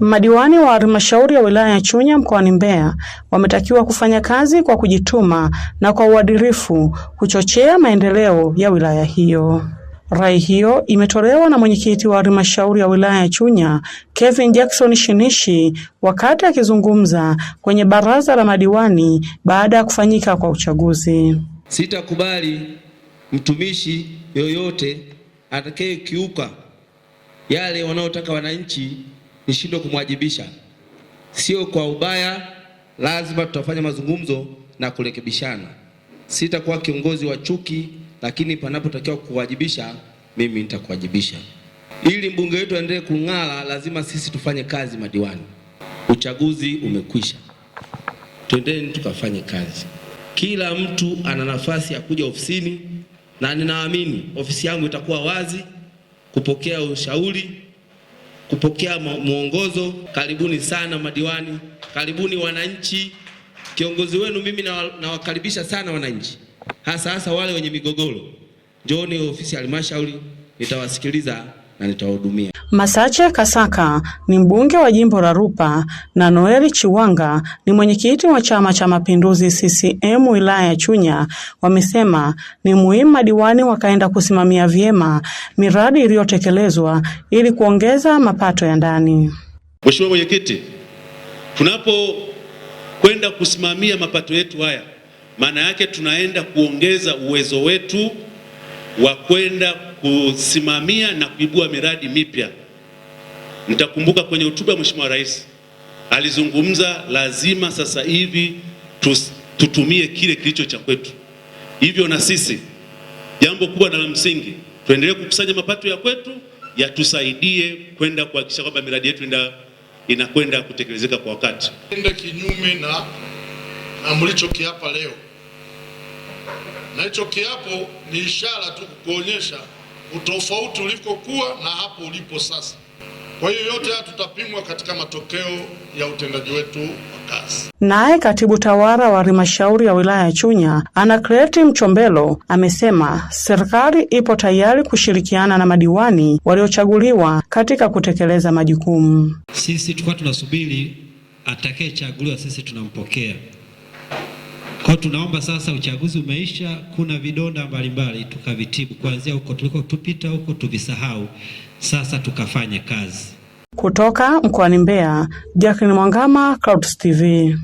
Madiwani wa halmashauri ya wilaya ya Chunya mkoani Mbeya wametakiwa kufanya kazi kwa kujituma na kwa uadilifu kuchochea maendeleo ya wilaya hiyo. Rai hiyo imetolewa na mwenyekiti wa halmashauri ya wilaya ya Chunya, Kevin Jackson Shinishi, wakati akizungumza kwenye baraza la madiwani baada ya kufanyika kwa uchaguzi. Sitakubali mtumishi yoyote atakayekiuka yale wanaotaka wananchi nishindwe kumwajibisha. Sio kwa ubaya, lazima tutafanya mazungumzo na kurekebishana. Sitakuwa kiongozi wa chuki, lakini panapotakiwa kuwajibisha mimi nitakuwajibisha. Ili mbunge wetu aendelee kung'ara, lazima sisi tufanye kazi madiwani. Uchaguzi umekwisha, twendeni tukafanye kazi. Kila mtu ana nafasi ya kuja ofisini, na ninaamini ofisi yangu itakuwa wazi kupokea ushauri kupokea mwongozo. Karibuni sana madiwani, karibuni wananchi, kiongozi wenu. Mimi nawakaribisha sana wananchi, hasa hasa wale wenye migogoro. Njooni ofisi ya halmashauri, nitawasikiliza na nitawahudumia. Masache Kasaka ni mbunge wa jimbo la Rupa na Noeli Chiwanga ni mwenyekiti wa Chama cha Mapinduzi CCM wilaya ya Chunya wamesema ni muhimu madiwani wakaenda kusimamia vyema miradi iliyotekelezwa ili kuongeza mapato ya ndani. Mheshimiwa Mwenyekiti, tunapokwenda kusimamia mapato yetu haya, maana yake tunaenda kuongeza uwezo wetu wa kwenda kusimamia na kuibua miradi mipya. Nitakumbuka kwenye hotuba ya Mheshimiwa Rais alizungumza, lazima sasa hivi tutumie kile kilicho cha kwetu. Hivyo na sisi jambo kubwa na la msingi, tuendelee kukusanya mapato ya kwetu yatusaidie kwenda kuhakikisha kwamba miradi yetu inakwenda kutekelezeka kwa wakati, enda kinyume na, na mlichokiapa leo na hicho kiapo ni ishara tu kuonyesha utofauti ulikokuwa na hapo ulipo sasa. Kwa hiyo yote haya tutapimwa katika matokeo ya utendaji wetu wa kazi. Naye katibu tawala wa halmashauri ya wilaya ya Chunya, Anakreti Mchombelo, amesema serikali ipo tayari kushirikiana na madiwani waliochaguliwa katika kutekeleza majukumu. Sisi tulikuwa tunasubiri atakayechaguliwa, sisi tunampokea kwa tunaomba sasa, uchaguzi umeisha, kuna vidonda mbalimbali tukavitibu, kuanzia huko tulikotupita huko tuvisahau, sasa tukafanye kazi. Kutoka mkoani Mbeya, Jacqueline Mwangama, Clouds TV.